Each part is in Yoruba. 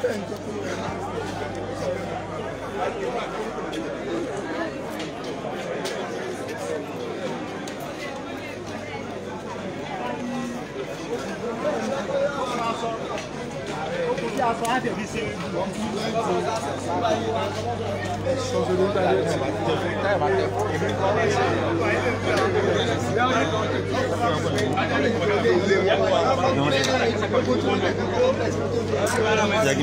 contento. jẹ́ kí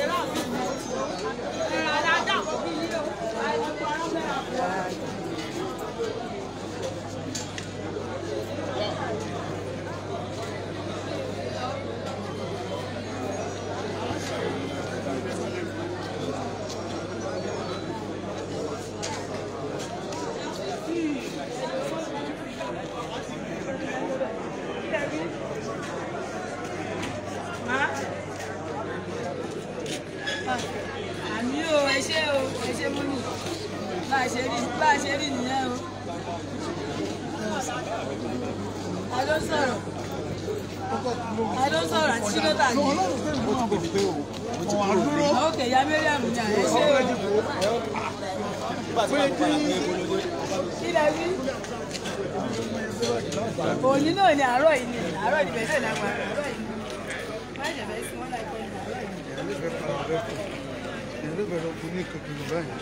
ṣe rí bá a ṣe rí nìyẹn o. àjọ sọ̀rọ̀ àjọ sọ̀rọ̀ àti ṣílọ́tà ni. ok ya mẹ́rìàmù ni àyẹ̀ ṣe é. ilẹ̀ wí. òní náà ni àárọ̀ yìí ni àárọ̀ ìbẹ̀ náà ni àárọ̀ yìí ni. má jẹ̀ bẹ́ẹ̀ sí wọn láì ní àárọ̀ yìí. ìlú bẹ̀rẹ̀ kò kankan báyìí.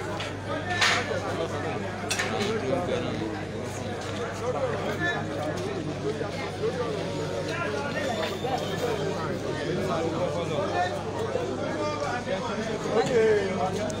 Okay.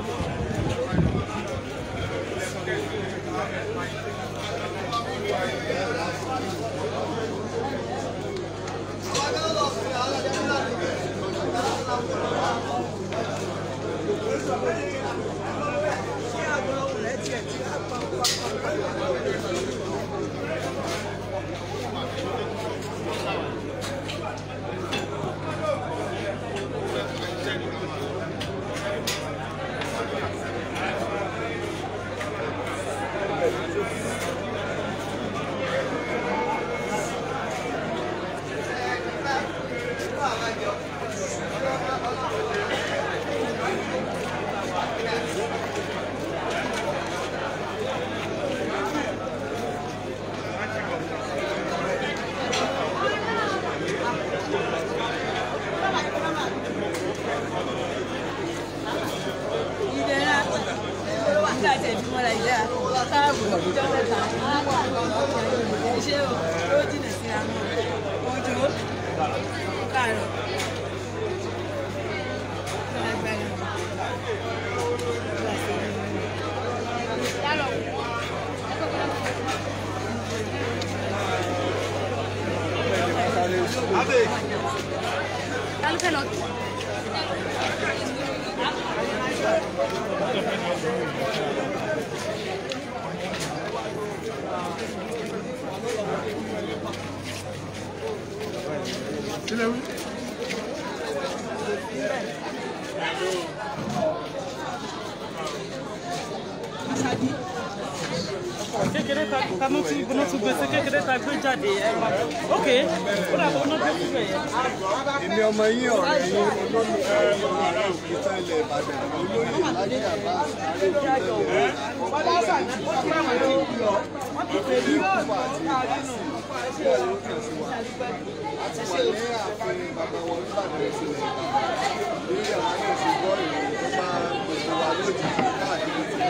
ẹsẹ̀ bí wọ́n la ìyá káàbù ọjọ́ mẹ́ta iṣẹ́ o ó jìnà sí àwọn ojú káàrọ̀. Avec. Avec. Hello. tàbí gbóná tún gbèsè kékeré ta gbé jáde ẹ máa tó ok ó dà bọ́ ọ́nà tó kú bẹ̀yẹ. èmi ọmọ yín ọ̀rẹ́ yín olólùfẹ́ ọmọ ará òkúta ilẹ̀ Ìbàdàn olóyè láyé àbá àti wà ní ààfin bàbá wọn nígbà tó ń sílẹ̀ nígbà wọn ní oṣù bọ́ọ̀lù tó máa ń pèsè wa lójijì.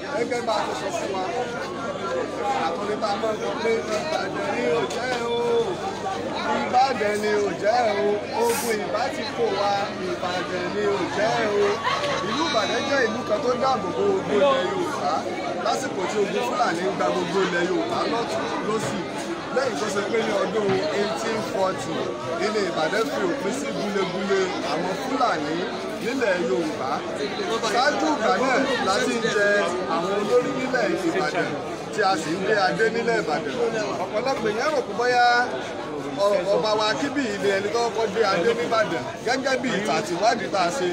gẹ́gẹ́ bá a ti sọ fún wa àkọlé bá a máa ń pé ìbàdàn ni ò jẹ́ o ìbàdàn ni ò jẹ́ o ogun ìbá ti kó wa ìbàdàn ni ò jẹ́ o ìlú ìbàdàn jẹ́ ìlú kan tó dáàbò bo ogun ilẹ̀ yorùbá lásìkò tí ogun fúlàní gba gbogbo ilẹ̀ yorùbá lọ́tún lọ́sì lẹ́yìn tó ṣe pé ní ọdún 1840 ilẹ̀ Ìbàdàn fi òpin sí gúlégúlé àwọn Fúlàní nílẹ̀ Yorùbá ṣáájú ìgbà náà la ti ń jẹ àwọn olórí nílẹ̀ Ìbàdàn tí a sì ń gbé adé nílẹ̀ Ìbàdàn ọ̀pọ̀lọpọ̀ èèyàn rò pé bóyá ọba wa kíbi ilé ẹni tó kọ́kọ́ gbé adé nìbàdàn gẹ́gẹ́ bí ìtàn àtiwádìí tá a ṣe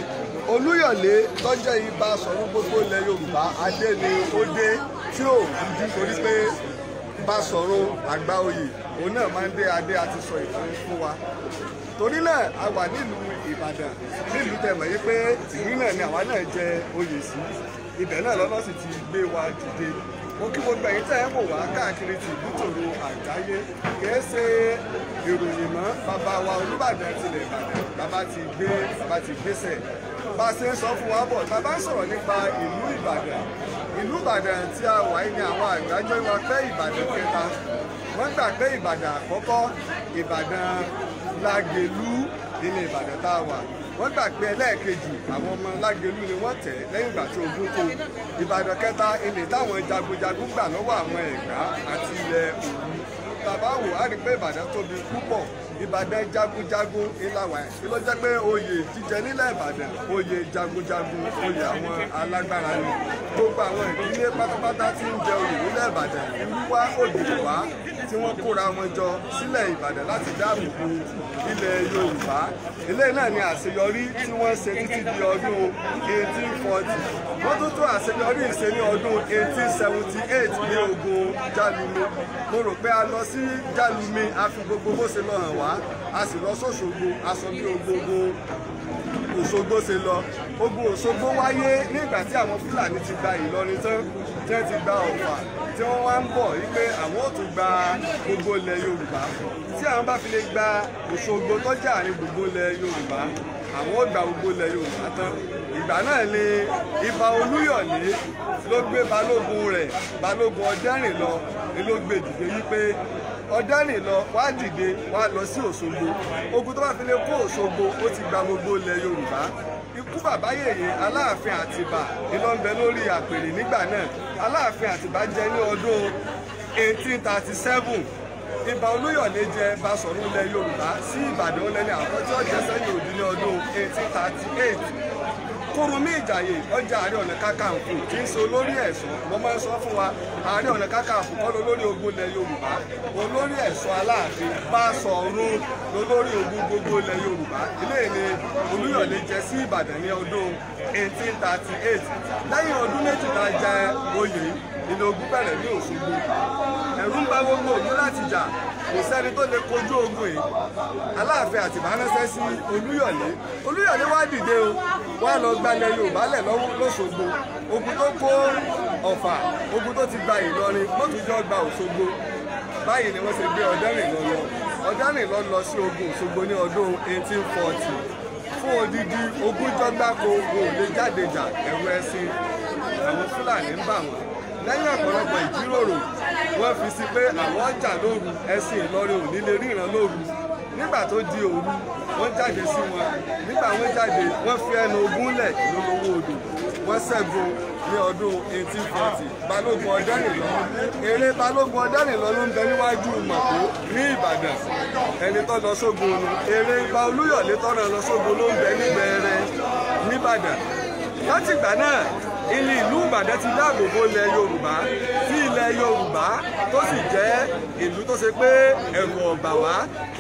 olúyọ̀lé tọ́jẹ́ ibà sọ̀rọ̀ gbogbo ilẹ̀ Yorùbá adé ni ó dé tí ò dúdú torí pé Báṣọ̀run Àgbáoyè òun náà máa ń dé adé àti sọ ìfún fún wa torí náà a wà nílùú Ìbàdàn nílùú tẹ̀mọ̀ yìí pé ìlú náà ni àwa náà jẹ oyè sí ibẹ̀ náà lọ́nà sì ti gbé wa dìde mo kí gbogbo ẹ̀yin tẹ́ ẹ̀ wò wá káàkiri ti ìbútòrò àgbáyé kìí ṣe ìròyìn mọ́ bàbá wa Olúbàdàn tilẹ̀ Ìbàdàn bàbá ti gbé bàbá ti gbéṣẹ̀ bá ṣe ń sọ fún wa bọ̀ tá a bá ń sọ̀rọ̀ nípa ìlú Ìbàdàn ìlú Ìbàdàn tí a wà yìí ni àwọn àgbájọ wa pé Ìbàdàn kẹta wọ́n gbà pé Ìbàdàn àkọ́kọ́ Ìbàdàn Lágelú nílé Ìbàdàn tá a wà wọ́n gbà pé ẹlẹ́ẹ̀kejì àwọn ọmọ Lágelú ni wọ́n tẹ̀ lẹ́yìn ìgbà tí ogun tó Ìbàdàn kẹta ilé táwọn jagunjagun gbà lọ́wọ́ àwọn Ẹ̀gbá àti ilẹ̀ Òwu tàbá wò á rí pé Ìbàdàn tóbi púpọ̀ ìbàdàn jagunjagun ìlàwà ẹ̀ ló jẹ́ pé oyè jíjẹ nílẹ̀ ìbàdàn oyè jagunjagun oyè àwọn alágbára ni gbogbo àwọn ìdílé pátápátá tí ń jẹ oyè nílẹ̀ ìbàdàn ìlú wá òdìbò tí wọ́n kóra wọn jọ sílẹ̀ Ìbàdàn láti dáàbò bo ilẹ̀ Yorùbá eléyìí náà ni àṣeyọrí tí wọ́n ṣe títí di ọdún 1840 wọ́n tún tún àṣeyọrí ìṣe ní ọdún 1878 ní ogun Jálumi mo rò pé a lọ sí Jálumi a fi gbogbo bó ṣe lọ hàn wá a sì lọ sóṣogbo a bí gbogbo Òṣogbo ṣe lọ ogun Òṣogbo wáyé nígbà tí àwọn Fúlàní ti gba Ìlọrin tán tí wọ́n ti gba ọ̀fà tí wọ́n wá ń bọ̀ wípé àwọn ò tún gba gbogbo ilẹ̀ yorùbá tí àwọn bá fi lè gba òṣogbo tọ́jà ní gbogbo ilẹ̀ yorùbá àwọn ò gba gbogbo ilẹ̀ yorùbá tán ìgbà náà ni Ifá Olúyọ̀lé ló gbé balógun rẹ̀ balógun ọ̀dẹ́rìn lọ ni ló gbé dìde wípé ọ̀dẹ́rìn lọ wá dìde wá lọ sí òṣogbo ogun tó bá fi lè kó òṣogbo ó ti gba gbogbo ilẹ̀ yorùbá fún bàbá yèyé aláàfin àtìbà iná lórí àpèrè nígbà náà aláàfin àtìbà jẹ ní ọdún 1837 ìbà olóyọ̀lé jẹ basọ̀rún ilẹ̀ yorùbá sí ìbàdàn lẹ́ni àkọ́jọ́ jẹ́sẹ́yìn òdì ní ọdún 1838 Kúrúnmí Ìjàyè ọjà Ààrẹ Ọ̀nà Kakanfò kì í ṣe olórí ẹ̀ṣọ́ mo máa ń sọ fún wa Ààrẹ Ọ̀nà Kakanfò kọ́ lólórí ogun ilẹ̀ Yorùbá olórí ẹ̀ṣọ́ Aláàfin Báṣọ̀run ogun gbogbo ilẹ̀ Yorùbá Olúyọ̀lé jẹ sí 1838 lẹ́yìn ọdún méjìlá jẹ oyè ìlú ogun bẹ̀rẹ̀ ní Òṣogbo ẹ̀rù ń bà gbogbo òun láti jà kò sẹ́ni tó lè kojú ogun yìí aláàfin àtìbá ránṣẹ́ sí olúyọ̀lé olúyọ̀lé wá dìde o wá lọ gbalẹ̀ yorùbá lẹ̀ lọ́wọ́ lọ́sọ̀gbọ̀ ogun tó kó ọ̀fà ogun tó ti gba ìlọrin mọ́tòjọ́ gba òṣogbo báyìí ni wọ́n ṣe gbé ọ̀dẹ́rìn lọ lọ ọ̀dẹ́rìn lọ lọ sí ogun òṣogbo ní ọdún 1840 fún odidi ogúnjọ́ gbáko wọn ò lè jáde jà ẹ̀rù ẹ̀sìn àwọn fúlàní ń bà wọ́n lẹ́yìn ọ̀pọ̀lọpọ̀ ìjíròrò wọ́n fi sí pé àwọn ọjà lóru ẹ̀sìn Ìlọrin ò ní lè ríran lóru nígbà tó di òru wọ́n jáde sí wọn nígbà wọ́n jáde wọ́n fi ẹnu ogún lẹ̀ lólówó odò wọ́n ṣẹ́gun ní ọdún 1840 balógun ọ̀dẹ́rìnlọ́lú eré balógun ọ̀dẹ́rìnlọ́lú ń bẹ níwájú màkó ní ìbàdàn ẹni tó lọ sógun nu eré ipa olúyọ̀lé tọ́nà lọ sógun ló ń bẹ nígbẹ̀rẹ̀ níbàdàn látìgbà náà ilé ìlú ìbàdàn ti dáàbò bo ilẹ̀ yorùbá tí ilẹ̀ Yorùbá tó sì jẹ́ ìlú tó ṣe pé ẹ̀rù ọ̀bà wá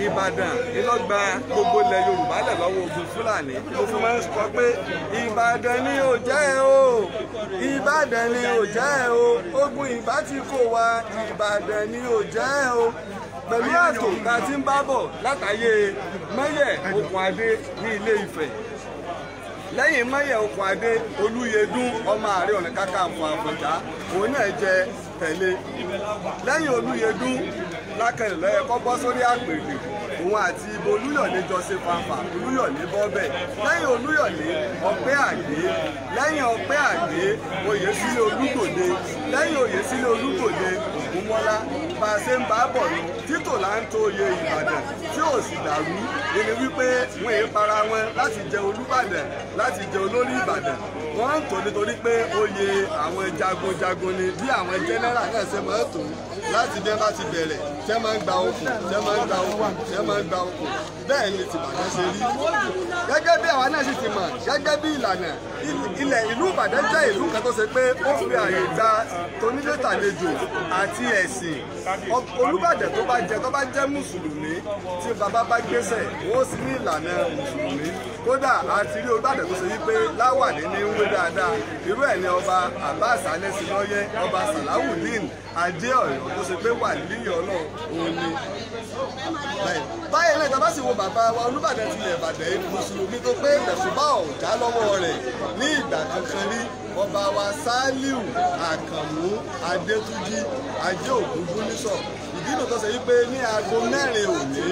Ìbàdàn ìlọ́gba gbogbo ilẹ̀ Yorùbá lẹ̀ lọ́wọ́ ogun Fúlàní mo fún máa ń sọ pé Ìbàdàn ni ò jẹ́ ẹ o Ìbàdàn ni ò jẹ́ ẹ o ogun ìbá ti kó wa Ìbàdàn ni ò jẹ́ ẹ o pẹ̀lú àtò tá a ti ń bá bọ̀ látàyè mẹ́yẹ̀ Okùnadé ní Ilé Ifẹ̀ lẹ́yìn mọ́yẹ̀ Òkùnadé Olúyẹdùn ọmọ Ààrẹ Ọ̀nà Kakanfò Àfọ̀njá òun náà jẹ tẹ̀lé lẹ́yìn Olúyẹdùn lákẹ́lẹ̀ lọ́yẹ kọ́ bọ́ sórí àpèrè òun àti ibo olúyọ̀lé jọ ṣe olúyọ̀lé bọ́bẹ̀ lẹ́yìn olúyọ̀lé ọpẹ́ àgbé lẹ́yìn ọpẹ́ àgbé oyèsílẹ̀ olúkòde lẹ́yìn oyèsílẹ̀ olúkòde ògúnmọ́lá bá ń bá bọ̀ ní títò là oyè ìbàdàn tí ò sì dàrú ìní wípé wọn èé para wọn láti jẹ olúbàdàn láti jẹ olórí ìbàdàn wọ́n ń tò nítorí pé oyè àwọn jagunjagun ni bí àwọn jẹ́nẹ́rà náà ṣe máa ń tò láti bí wọ́n bá ti bẹ̀rẹ̀ tẹ́ máa ń gba okùn tẹ́ máa ń gba okùn tẹ́ máa ń gba okùn bẹ́ẹ̀ ni tìbàdàn ṣe rí gẹ́gẹ́ bí àwa náà sì ti mọ̀ gẹ́gẹ́ bí ìlànà ilẹ̀ ìlú Ìbàdàn jẹ́ ìlú kan tó ṣe pé ó fi àyè gba tonílé tàlejò àti ẹ̀sìn Olúbàdàn tó bá jẹ tó bá jẹ́ mùsùlùmí tí bàbá bá gbéṣẹ̀ wọ́n sì ní ìlànà mùsùlùmí kódà àti rí Olúbàdàn tó ṣe wípé láwà ní ní wé dáadáa irú ẹ̀ ni ọba abbas alẹ́sìlọ́yẹ ọba salawudeen adé ọ̀yọ́ tó ṣe pé wà níyọ̀ náà òun ni báyìí náà tábà sì wo bàbá wa olúbàdàn tilẹ̀ ìbàdàn mùsùlùmí tó pé ìdẹ̀sùbá ọ̀já lọ́wọ́ rẹ̀ ní ìgbà kankan rí ọba wa saliu àkànmú adétúnjì ajé ògúngúnnísọ ìdí nìkan sọ yí pé ní aago mẹ́rin òní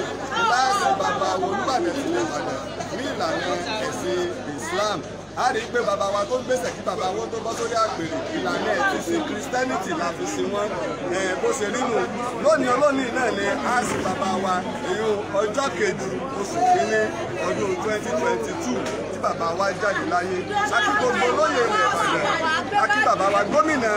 láàrin bàbá olúbàdàn tilẹ̀ ìbàdàn ní ìlànà ẹ̀sìn Islam a rí i pé bàbá wa tó ń gbèsè kí bàbá wọn tó bọ́ sórí àgbèrè ìlànà ẹ̀sìn christianity la fi sin wọn bó ṣe rí nù lónìí olónìí náà ni a sì bàbá wa ìyún ọjọ́ kejì oṣù kínní ọdún twenty twenty two tí bàbá wa jáde láyé àti gbogbo olóyè ilẹ̀ Ìbàdàn àti bàbá wa gómìnà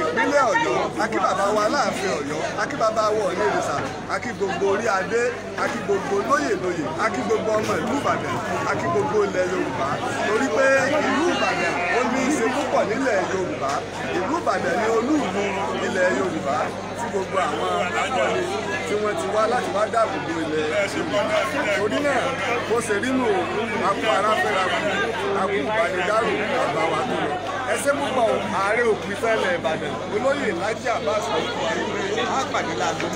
ìpínlẹ̀ Ọ̀yọ́ àti bàbá wa aláàfin Ọ̀yọ́ àti bàbá wa Ọ̀ọ̀ni Ìrìṣà àti gbogbo orí adé àti gbogbo olóyè lóyè àti gbogbo ọmọ ìlú Ìbàdàn àti gbogbo ilẹ̀ Yorùbá torí pé ìlú Ìbàdàn ń ṣe púpọ̀ nílẹ̀ Yorùbá ìlú Ìbàdàn ni olúùlú ilẹ̀ Yorùbá tí gbogbo àwọn akọni tí wọ́n ti wá láti wá dáàbò bo ilẹ̀ Yorùbá torí náà bó ṣe rí nù akú aráfẹ́ra akú ìbánidárò bàbá wa tó lọ ẹsẹ púpọ̀ ààrẹ òpin fẹ́lẹ̀ Ìbàdàn olóyè Lájí Abbas ọ̀hún àpàdé láàbò